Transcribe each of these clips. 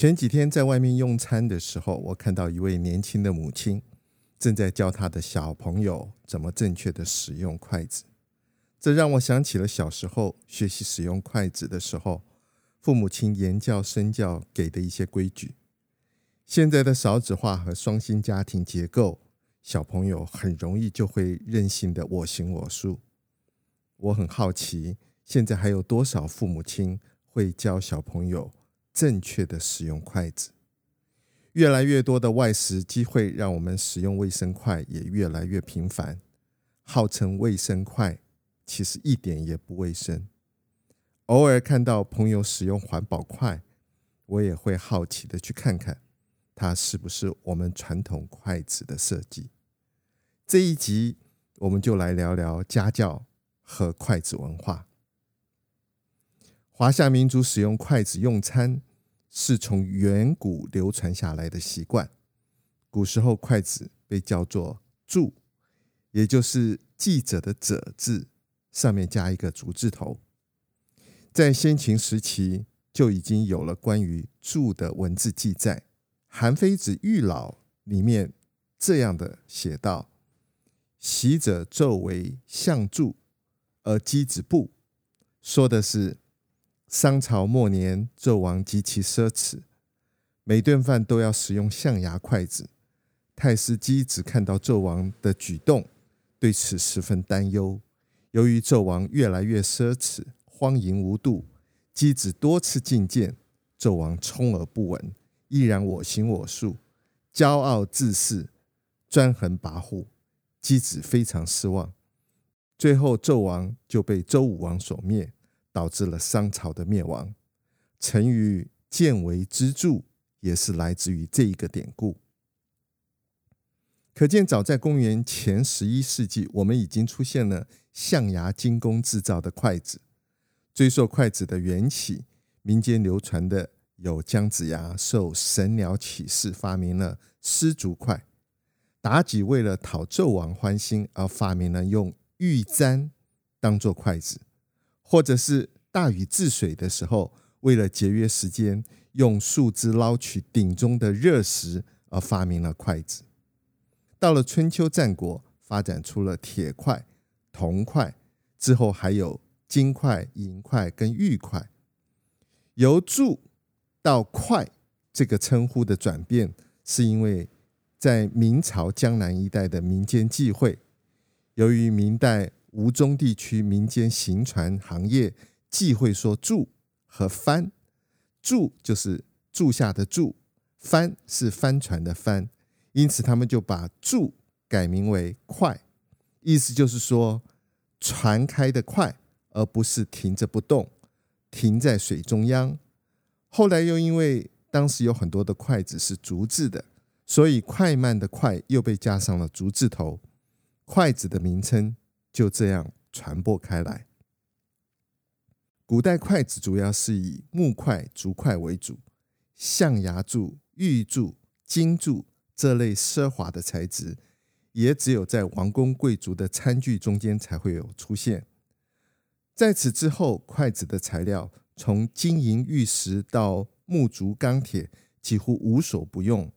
前幾天在外面用餐的時候，我看到一位年輕的母親正在教她的小朋友怎麼正確的使用筷子，這讓我想起了小時候學習使用筷子的時候，父母親言教身教給的一些規矩。現在的少子化和雙薪家庭結構，小朋友很容易就會任性的我行我素。我很好奇，現在還有多少父母親會教小朋友？正確的使用筷子。越來越多的外食機會讓我們使用衛生筷也越來越頻繁。號稱衛生筷，其實一點也不衛生。偶爾看到朋友使用環保筷，我也會好奇的去看看，它是不是我們傳統筷子的設計。這一集我們就來聊聊家教和筷子文化。華夏民族使用筷子用餐，是從遠古流傳下來的習慣。古時候，筷子被叫做箸，也就是“記”者的“者”字，上面加一個“竹”字頭。在先秦時期，就已經有了關於“箸”的文字記載。《韓非子·喻老》裡面這樣的寫道：“昔者紂為象箸，而箕子怖。”說的是。商朝末年，紂王極其奢侈，每頓飯都要使用象牙筷子。太師箕子看到紂王的舉動，對此十分擔憂。由於紂王越來越奢侈、荒淫無度，箕子多次進諫，紂王充耳不聞，依然我行我素，驕傲自恃，專橫跋扈。箕子非常失望，最後紂王就被周武王所滅。導致了商朝的滅亡。成語“見微知著”也是來自於這一個典故。可見，早在公元前十一世紀，我們已經出現了象牙精工制造的筷子。追溯筷子的源起，民間流傳的有姜子牙受神鳥啟示發明了絲竹筷，妲己為了討紂王歡心而發明了用玉簪當做筷子。或者是大禹治水的時候，為了節約時間，用樹枝撈取鼎中的熱食而發明了筷子。到了春秋戰國，發展出了鐵筷、銅筷，之後還有金筷、銀筷跟玉筷。由“箸”到“筷”這個稱呼的轉變，是因為在明朝江南一帶的民間忌諱，由於明代，吳中地區民間行船行業忌諱說“住”和“帆”，“住”就是“住下”的“住”，“帆”是“帆船”的“帆”，因此他們就把“住”改名為“快”，意思就是說船開得快，而不是停着不動，停在水中央。後來又因為當時有很多的筷子是竹製的，所以“快慢”的“快”又被加上了竹字頭，筷子的名稱。就這樣傳播開來。古代筷子主要是以木筷、竹筷為主，象牙箸、玉箸、金箸這類奢華的材質，也只有在王公貴族的餐具中間才會有出現。在此之後，筷子的材料從金銀玉石到木竹鋼鐵，幾乎無所不用。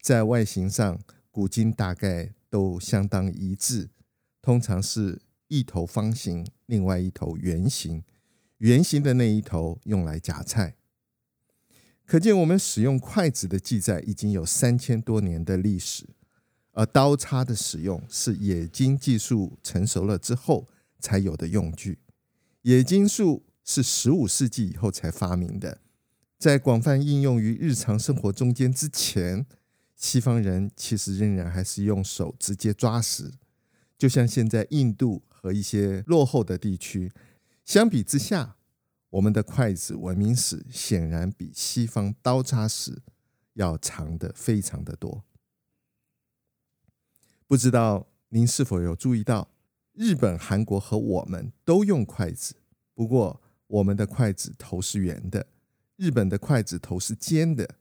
在外形上，古今大概都相當一致，通常是。一頭方形，另外一頭圓形，圓形的那一頭用來夾菜。可見，我們使用筷子的記載已經有三千多年的歷史，而刀叉的使用是冶金技術成熟了之後才有的用具。冶金術是十五世紀以後才發明的，在廣泛應用於日常生活中間之前，西方人其實仍然還是用手直接抓食，就像現在印度。和一些落後的地區相比之下，我們的筷子文明史顯然比西方刀叉史要長得非常的多。不知道您是否有注意到，日本、韓國和我們都用筷子，不過我們的筷子頭是圓的，日本的筷子頭是尖的，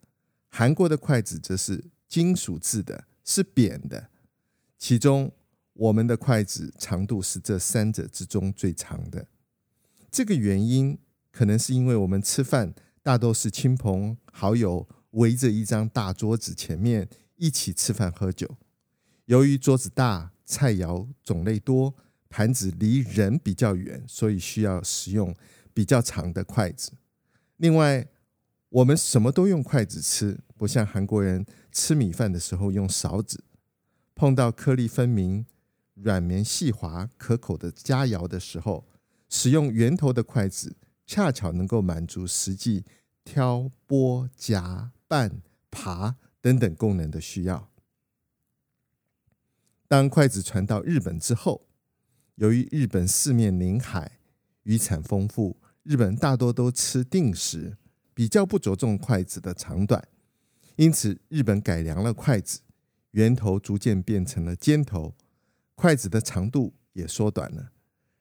韓國的筷子則是金屬制的，是扁的，其中。我們的筷子長度是這三者之中最長的，這個原因可能是因為我們吃飯大都是親朋好友圍着一張大桌子前面一起吃飯喝酒，由於桌子大，菜肴種類多，盤子離人比較遠，所以需要使用比較長的筷子。另外，我們什麼都用筷子吃，不像韓國人吃米飯的時候用勺子，碰到顆粒分明。軟綿細滑、可口的佳肴的時候，使用圓頭的筷子恰巧能夠滿足實際挑、撥、夾、拌、爬等等功能的需要。當筷子傳到日本之後，由於日本四面臨海，漁產豐富，日本大多都吃定食，比較不着重筷子的長短，因此日本改良了筷子，圓頭逐漸變成了尖頭。筷子的長度也縮短了。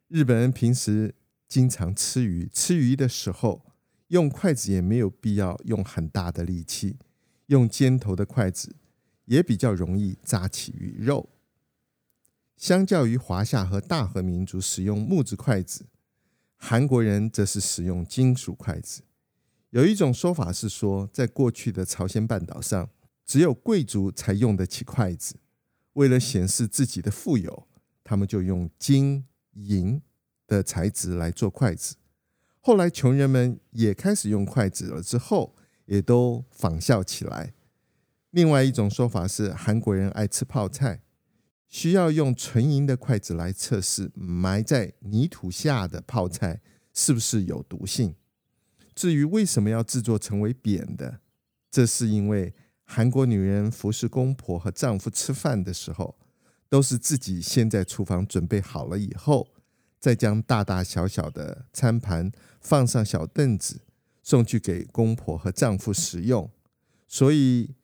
日本人平時經常吃魚，吃魚的時候用筷子也沒有必要用很大的力氣，用尖頭的筷子也比較容易扎起魚肉。相較於華夏和大和民族使用木質筷子，韓國人則是使用金屬筷子。有一種說法是說，在過去的朝鮮半島上，只有貴族才用得起筷子。為了顯示自己的富有，他們就用金銀的材質來做筷子。後來，窮人們也開始用筷子了，之後也都仿效起來。另外一種說法是，韓國人愛吃泡菜，需要用純銀的筷子來測試埋在泥土下的泡菜是不是有毒性。至於為什麼要製作成為扁的，這是因為，韓國女人服侍公婆和丈夫吃飯的時候，都是自己先在廚房準備好了以後，再將大大小小的餐盤放上小凳子，送去給公婆和丈夫食用。所以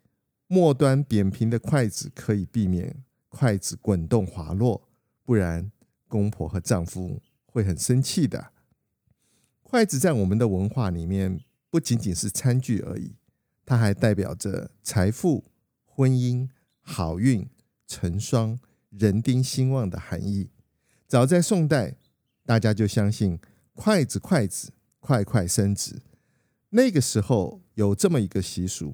末端扁平的筷子可以避免筷子滾動滑落，不然公婆和丈夫會很生氣的。筷子在我們的文化裡面不僅僅是餐具而已。它還代表着財富、婚姻、好運成雙、人丁興旺的含義。早在宋代，大家就相信筷子，筷子，筷子快快生子。那個時候有這麼一個習俗：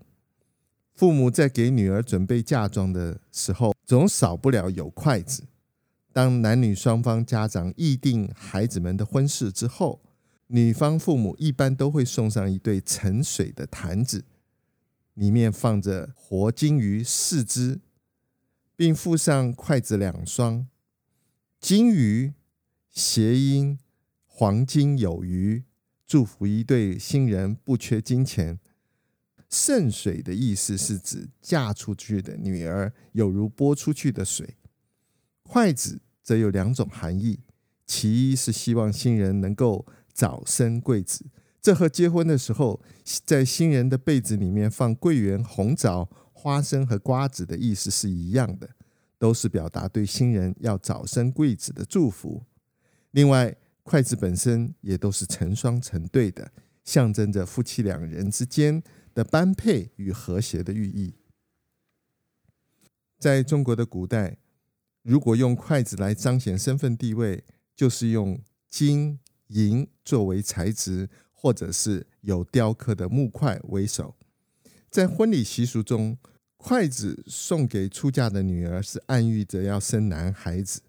父母在給女兒準備嫁妝的時候，總少不了有筷子。當男女雙方家長議定孩子們的婚事之後，女方父母一般都會送上一對盛水的罈子。裡面放着活金魚四隻，並附上筷子兩雙。金魚諧音“黃金有餘”，祝福一對新人不缺金錢。剩水的意思是指嫁出去的女兒有如潑出去的水。筷子則有兩種含義，其一是希望新人能夠早生貴子。這和結婚的時候，在新人的被子裡面放桂圓、紅棗、花生和瓜子的意思是一樣的，都是表達對新人要早生貴子的祝福。另外，筷子本身也都是成雙成對的，象徵着夫妻兩人之間的般配與和諧的寓意。在中國的古代，如果用筷子來彰顯身份地位，就是用金銀作為材質。或者是有雕刻的木筷為首，在婚禮習俗中，筷子送給出嫁的女兒是暗喻着要生男孩子。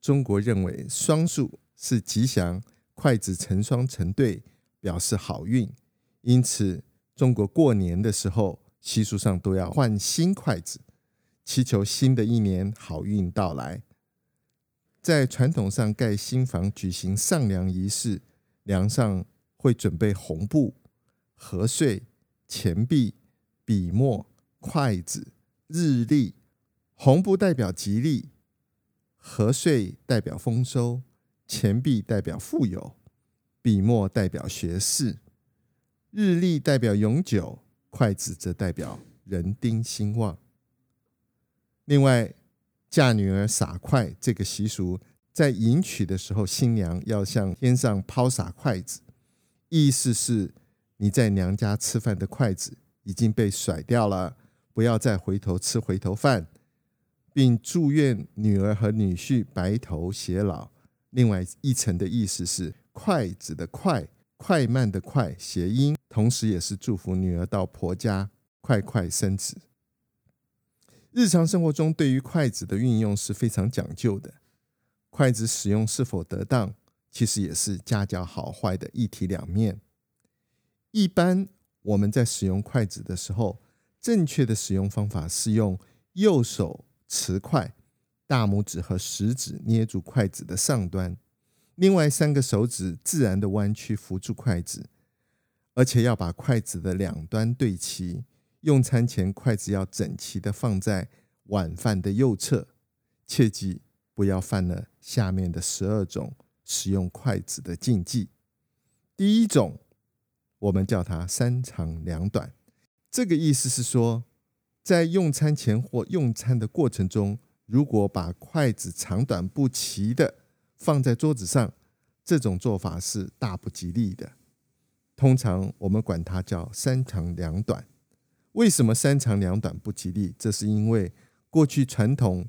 中國認為雙數是吉祥，筷子成雙成對表示好運，因此中國過年的時候習俗上都要換新筷子，祈求新的一年好運到來。在傳統上蓋新房舉行上樑儀式。梁上會準備紅布、禾穗、錢幣、筆墨、筷子、日曆。紅布代表吉利，禾穗代表豐收，錢幣代表富有，筆墨代表學士，日曆代表永久，筷子則代表人丁興旺。另外，嫁女兒撒筷這個習俗。在迎娶的時候，新娘要向天上拋灑筷子，意思是你在娘家吃飯的筷子已經被甩掉了，不要再回頭吃回頭飯，並祝願女兒和女婿白頭偕老。另外一層的意思是筷子的筷，快慢的快，諧音，同時也是祝福女兒到婆家快快生子。日常生活中，對於筷子的運用是非常講究的。筷子使用是否得當，其實也是家教好壞的一體兩面。一般我們在使用筷子的時候，正確的使用方法是用右手持筷，大拇指和食指捏住筷子的上端，另外三個手指自然的彎曲扶住筷子，而且要把筷子的兩端對齊。用餐前，筷子要整齊的放在晚飯的右側，切記不要犯了。下面的十二種使用筷子的禁忌，第一種，我們叫它“三長兩短”。這個意思是說，在用餐前或用餐的過程中，如果把筷子長短不齊的放在桌子上，這種做法是大不吉利的。通常我們管它叫“三長兩短”。為什麼“三長兩短”不吉利？這是因為過去傳統。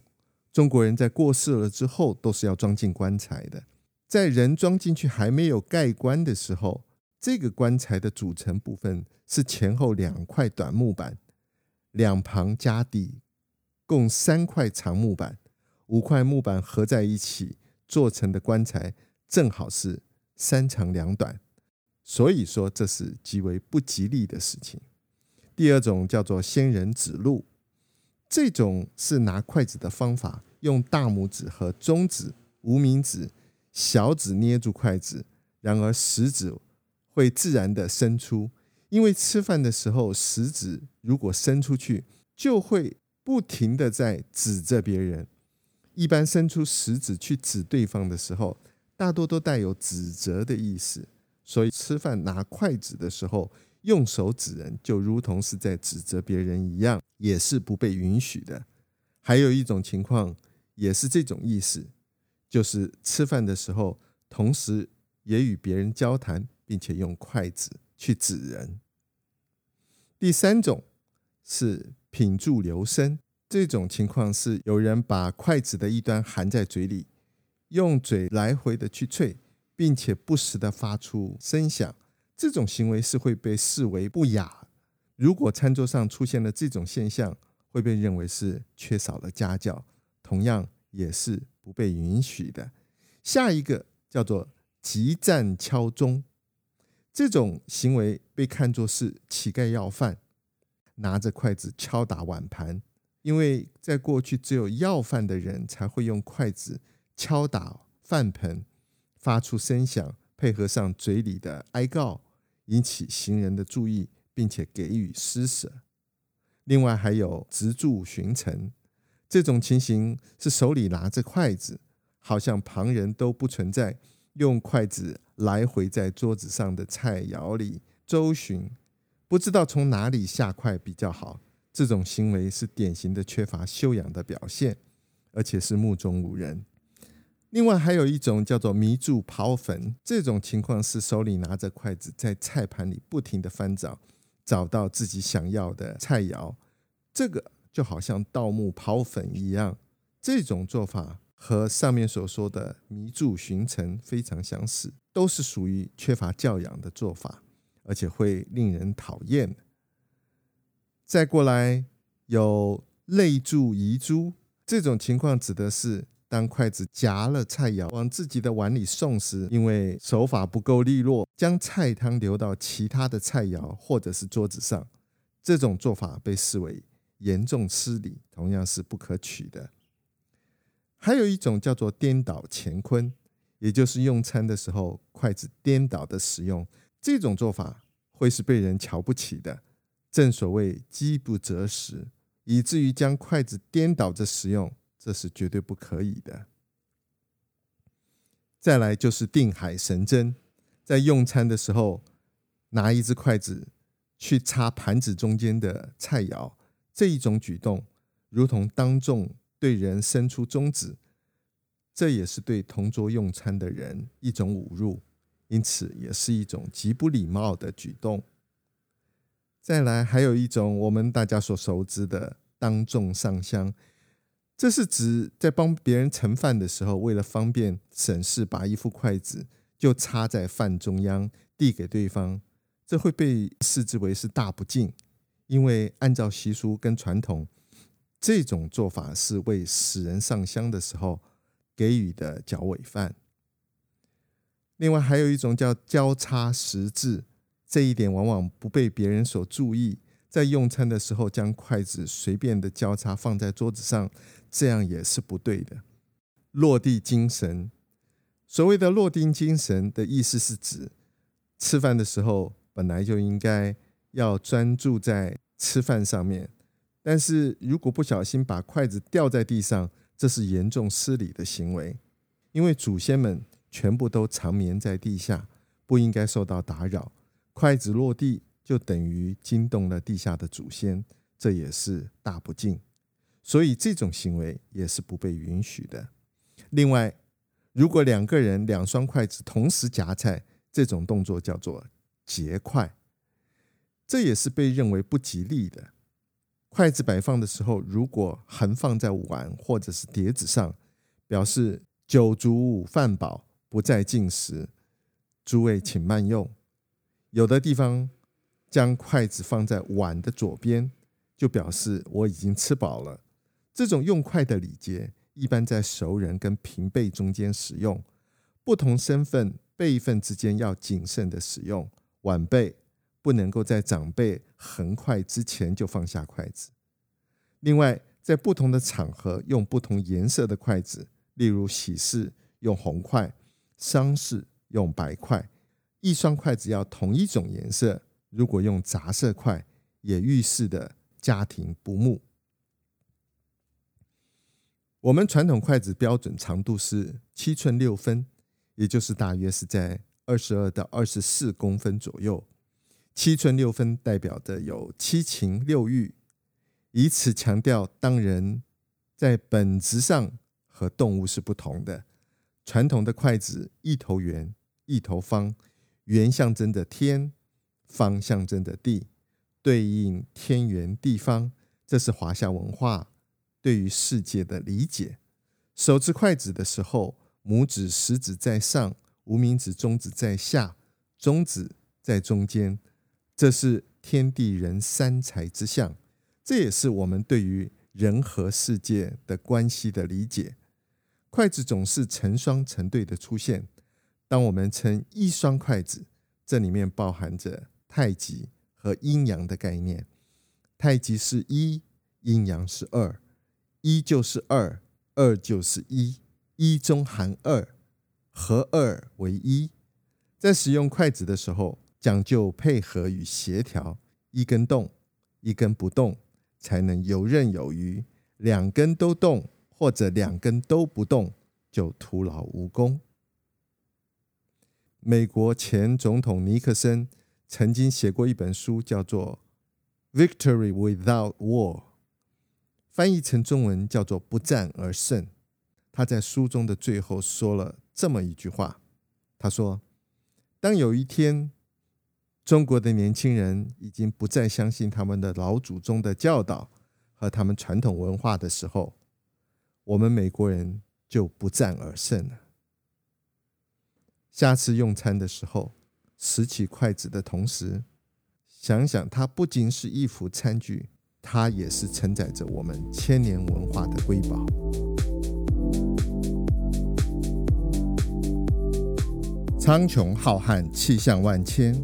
中國人在過世了之後，都是要裝進棺材的。在人裝進去還沒有蓋棺的時候，這個棺材的組成部分是前後兩塊短木板，兩旁加底，共三塊長木板，五塊木板合在一起做成的棺材，正好是三長兩短，所以說這是極為不吉利的事情。第二種叫做“仙人指路”，這種是拿筷子的方法。用大拇指和中指、無名指、小指捏住筷子，然而食指會自然的伸出，因為吃飯的時候食指如果伸出去，就會不停的在指着別人。一般伸出食指去指對方的時候，大多都帶有指責的意思。所以吃飯拿筷子的時候用手指人，就如同是在指責別人一樣，也是不被允許的。還有一種情況。也是這種意思，就是吃飯的時候，同時也與別人交談，並且用筷子去指人。第三種是品箸留聲，這種情況是有人把筷子的一端含在嘴裡，用嘴來回的去脆，並且不時的發出聲響。這種行為是會被視為不雅。如果餐桌上出現了這種現象，會被認為是缺少了家教。同樣也是不被允許的。下一個叫做擊盞敲盅，這種行為被看作是乞丐要飯，拿着筷子敲打碗盤，因為在過去只有要飯的人才會用筷子敲打飯盆，發出聲響，配合上嘴裡的哀告，引起行人的注意，並且給予施捨。另外還有執箸巡城。這種情形是手裡拿着筷子，好像旁人都不存在，用筷子來回在桌子上的菜肴裡周尋，不知道從哪裡下筷比較好。這種行為是典型的缺乏修養的表現，而且是目中無人。另外還有一種叫做迷箸刨墳，這種情況是手裡拿着筷子在菜盤裡不停地翻找，找到自己想要的菜肴。這個。就好像盜墓刨墳一樣，這種做法和上面所說的迷箸巡城非常相似，都是屬於缺乏教養的做法，而且會令人討厭。再過來有淚箸遺珠，這種情況，指的是當筷子夾了菜肴往自己的碗裡送時，因為手法不夠利落，將菜湯流到其他的菜肴或者是桌子上，這種做法被視為嚴重失禮，同樣是不可取的。還有一種叫做顛倒乾坤，也就是用餐的時候筷子顛倒的使用，這種做法會是被人瞧不起的。正所謂飢不擇食，以至於將筷子顛倒着使用，這是絕對不可以的。再來就是定海神針，在用餐的時候拿一隻筷子去插盤子中間的菜肴。這一種舉動，如同當眾對人伸出中指，這也是對同桌用餐的人一種侮辱，因此也是一種極不禮貌的舉動。再來，還有一種我們大家所熟知的當眾上香，這是指在幫別人盛飯的時候，為了方便省事，把一副筷子就插在飯中央遞給對方，這會被視之為是大不敬。因為按照習俗跟傳統，這種做法是為死人上香的時候給予的腳尾飯。另外還有一種叫交叉十字，這一點往往不被別人所注意。在用餐的時候，將筷子隨便的交叉放在桌子上，這樣也是不對的。落地精神，所謂的落地精神的意思是指，吃飯的時候本來就應該要專注在吃飯上面，但是如果不小心把筷子掉在地上，這是嚴重失禮的行為，因為祖先們全部都長眠在地下，不應該受到打擾。筷子落地就等於驚動了地下的祖先，這也是大不敬，所以這種行為也是不被允許的。另外，如果兩個人兩雙筷子同時夾菜，這種動作叫做截筷。這也是被認為不吉利的。筷子擺放的時候，如果橫放在碗或者是碟子上，表示酒足飯飽，不再進食。諸位請慢用。有的地方將筷子放在碗的左邊，就表示我已經吃飽了。這種用筷的禮節，一般在熟人跟平輩中間使用，不同身份輩分之間要謹慎的使用。晚輩，不能夠在長輩橫筷，之前就放下筷子。另外，在不同的場合用不同顏色的筷子，例如喜事用紅筷，喪事用白筷。一雙筷子要同一種顏色，如果用雜色筷，也預示著家庭不睦。我們傳統筷子標準長度是七寸六分，也就是大約是在二十二到二十四公分左右。七寸六分代表的有七情六欲，以此強調當人在本質上和動物是不同的。傳統的筷子一頭圓，一頭方，圓象徵着天，方象徵着地，對應天圓地方，這是華夏文化對於世界的理解。手持筷子的時候，拇指、食指在上，無名指、中指在下，中指在中間。這是天地人三才之象，這也是我們對於人和世界的關係的理解。筷子總是成雙成對的出現。當我們稱一雙筷子，這裡面包含着太極和陰陽的概念。太極是一，陰陽是二，一就是二，二就是一，一中含二，合二為一。在使用筷子的時候。講究配合與協調，一根動，一根不動，才能游刃有餘；兩根都動或者兩根都不動，就徒勞無功。美國前總統尼克森曾經寫過一本書，叫做《Victory Without War》，翻譯成中文叫做《不戰而勝》。他在書中的最後說了這麼一句話，他說，當有一天，中國的年輕人已經不再相信他們的老祖宗的教導和他們傳統文化的時候，我們美國人就不戰而勝了。下次用餐的時候，拾起筷子的同時，想想它不僅是一副餐具，它也是承載着我們千年文化的瑰寶。蒼穹浩瀚，氣象萬千。